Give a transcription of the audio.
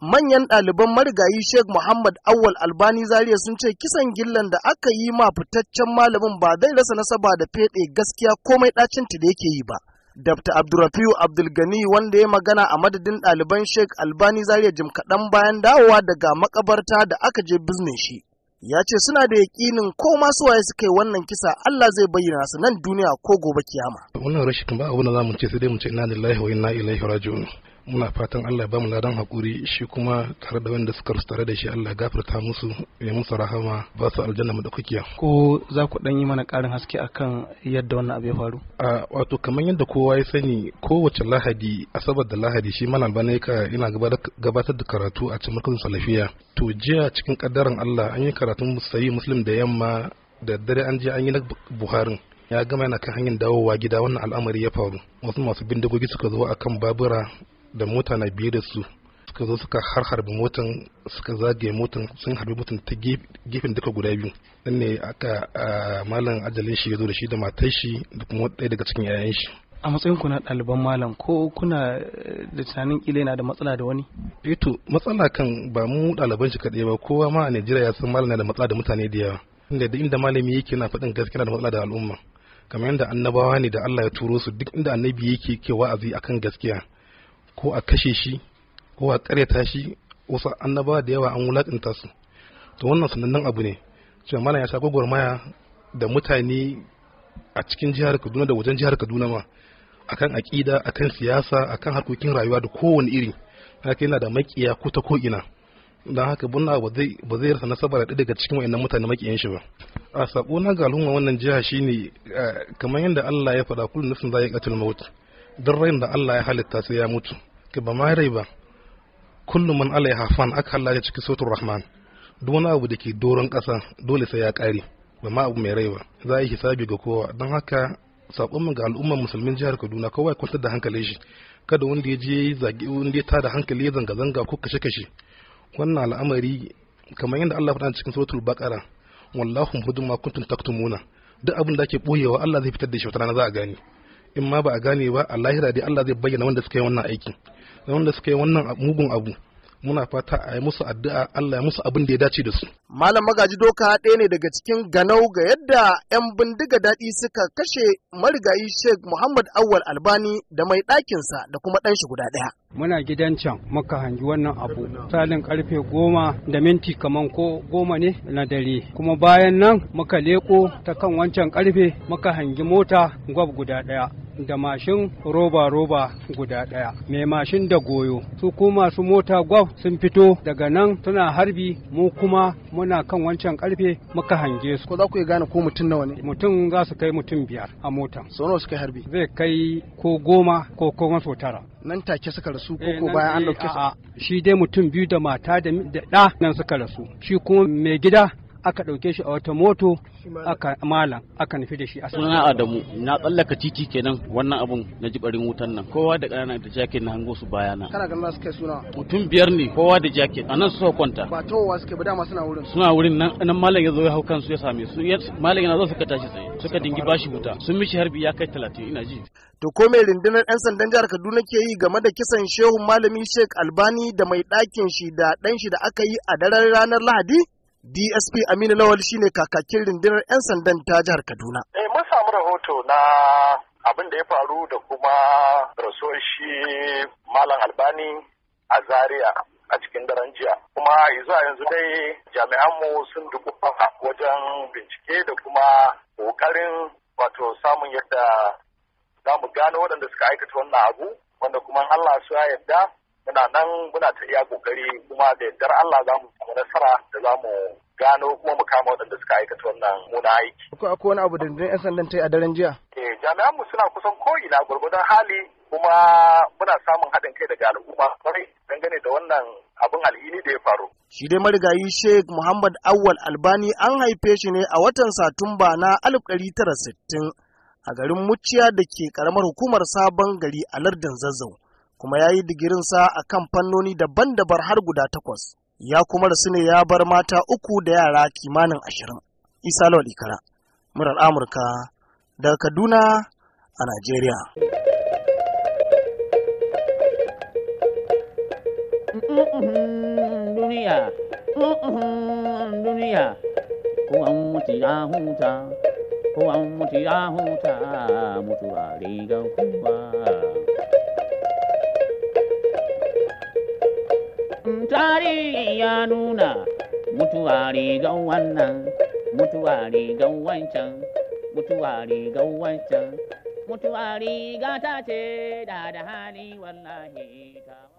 manyan ɗaliban marigayi Sheikh Muhammad Awal Albani Zaria sun ce kisan gillan da aka yi ma fitaccen malamin ba zai rasa nasaba da feɗe gaskiya komai ɗacinta da yake yi ba. Dr. Abdurrafiu Abdulgani wanda ya magana a madadin ɗaliban Sheikh Albani Zaria jim kaɗan bayan dawowa daga makabarta da aka je bizne shi. Ya ce suna da yaƙinin ko masu waye suka yi wannan kisa Allah zai bayyana su nan duniya ko gobe kiyama. Wannan rashin ba abu da za mu ce sai dai mu ce inna lillahi wa inna ilaihi raji'un. muna fatan Allah ba bamu ladan hakuri shi kuma tare da wanda suka tare da shi Allah gafarta musu ya musu rahama ba su aljanna mu da kukiya ko za ku dan yi mana karin haske akan yadda wannan abu ya faru a wato kamar yadda kowa ya sani kowace lahadi asabar da lahadi shi malam bane ka ina gabatar da karatu a cikin salafiya to jiya cikin kaddaran Allah an yi karatun sayi muslim da yamma da dare an je an yi na buharin ya gama yana kan hanyar dawowa gida wannan al'amari ya faru wasu masu bindigogi suka zo akan babura da mota na biye da su suka zo suka har harbi motan suka zage motan sun harbi motan ta gefen duka guda biyu nan ne aka malam ajalin shi ya zo da shi da matar shi da kuma ɗaya daga cikin 'ya'yan shi a matsayin ku na ɗaliban malam ko kuna eh, da tunanin kila yana da matsala da wani eto eh matsala kan ba mu ɗaliban shi kaɗai ba kowa ma a najeriya ya san malam na da matsala da mutane da yawa inda duk inda malami yake na faɗin gaskiya da matsala da al'umma kamar yadda annabawa ne da Allah ya turo su duk inda annabi yake ke wa'azi akan gaskiya ko a kashe shi ko a karyata shi wasu annaba da yawa an wulaƙanta su to wannan sanannen abu ne cewa malam ya sha gwagwarmaya da mutane a cikin jihar kaduna da wajen jihar kaduna ma akan aƙida akan siyasa akan harkokin rayuwa da kowane iri haka yana da makiya ko ta ko'ina don haka bunna ba zai rasa nasaba da daga cikin wayannan mutane makiyan shi ba a sako na ga al'umma wannan jiha ne eh, kamar yadda Allah ya faɗa kullum nufin zai ƙatil maut don rayin da Allah ya halitta sai ya mutu suke ba ma rai ba kullum man alaiha fan aka Allah ya ciki sautur rahman duk wani abu da ke doron ƙasa dole sai ya ƙare ba ma abu mai rai ba za a yi hisabi ga kowa don haka sakon ga al'ummar musulmin jihar Kaduna kowa ya kwantar da hankalin shi kada wanda ya je zagi wanda ya tada hankali ya zanga zanga ko kashe kashe wannan al'amari kamar yadda Allah faɗa cikin suratul baqara wallahu hudu ma kuntum taktumuna duk abin da ake boyewa Allah zai fitar da shi wata rana za a gani in ma ba a gane ba a lahira dai Allah zai bayyana wanda suka yi wannan aikin wanda suka yi wannan mugun abu muna fata a yi musu addu'a Allah ya musu abin da ya dace da su. Malam Magaji Doka ɗaya ne daga cikin ganau ga yadda 'yan bindiga daɗi suka kashe marigayi Sheikh Muhammad Awal Albani da mai ɗakinsa da kuma ɗanshi guda ɗaya. Muna gidan can muka hangi wannan abu salin karfe goma da minti kaman ko goma ne na dare kuma bayan nan muka leko ta kan wancan karfe muka hangi mota gwab guda ɗaya da mashin roba-roba guda ɗaya mai mashin da goyo su kuma masu mota gwaf sun fito daga nan suna harbi mu kuma muna kan wancan karfe muka hange su ko za ku iya gane ko mutum nawa ne mutum za su kai mutum biyar a motan sau nawa suka harbi zai kai ko goma ko kuma sau tara nan take suka rasu ko eh, ko bayan an dauke eh, su shi dai mutum biyu da mata da ɗa nan suka rasu shi kuma mai gida aka ɗauke shi a wata moto aka malam aka nufi da shi a suna adamu na tsallaka titi kenan wannan abun na jibarin wutan nan kowa da ƙanana da jaket na hango su bayana kana ganin su kai suna mutum biyar ne kowa da jaket a nan suka kwanta ba wa suke ba dama suna wurin suna wurin nan nan malam ya zo ya hau kansu ya same su malam yana zo suka tashi tsaye suka dingi bashi wuta sun mishi harbi ya kai talatin ina ji to ko mai rundunar 'yan sandan jihar kaduna ke yi game da kisan Shehu malami sheik albani da mai ɗakin shi da ɗan shi da aka yi a daren ranar lahadi DSP Aminu Lawal shine kakakin rundunar 'yan sandan ta jihar Kaduna. Eh mun samu rahoto na abin da ya faru da kuma rasoshi Malam Albani a Zaria a cikin daren jiya. Kuma zuwa yanzu dai jami'anmu sun fafa wajen bincike da kuma ƙoƙarin wato samun yadda za mu gano waɗanda suka aikata wannan abu wanda kuma Allah su ya yadda. muna nan muna ta iya kokari kuma da yardar Allah za mu samu nasara da za mu gano kuma mu kama waɗanda suka aikata wannan muna aiki. Ko akwai wani abu da dindin 'yan sandan ta yi a daren jiya? Eh jami'an mu suna kusan ko'ina gwargwadon hali kuma muna samun haɗin kai daga al'umma kwarai dangane da wannan abin alhini da ya faru. Shi dai marigayi Sheikh Muhammad Awal Albani an haife shi ne a watan Satumba na 1960 a garin Muciya da ke ƙaramar hukumar Sabon Gari a lardin Zazzau. kuma ya yi digirinsa a kan fannoni daban-daban har guda takwas. Ya kuma rasu ne ya bar mata uku da yara kimanin ashirin. Isa Ikara, murar Amurka, daga Kaduna a Najeriya. duniya duniya ko mutu ya huta ko mutu ya huta a rigar kuma tarihi ya nuna mutuwa ga wannan mutuwa ga wancan mutuwa ga wancan mutuwa riga ta ce da da hali wallahi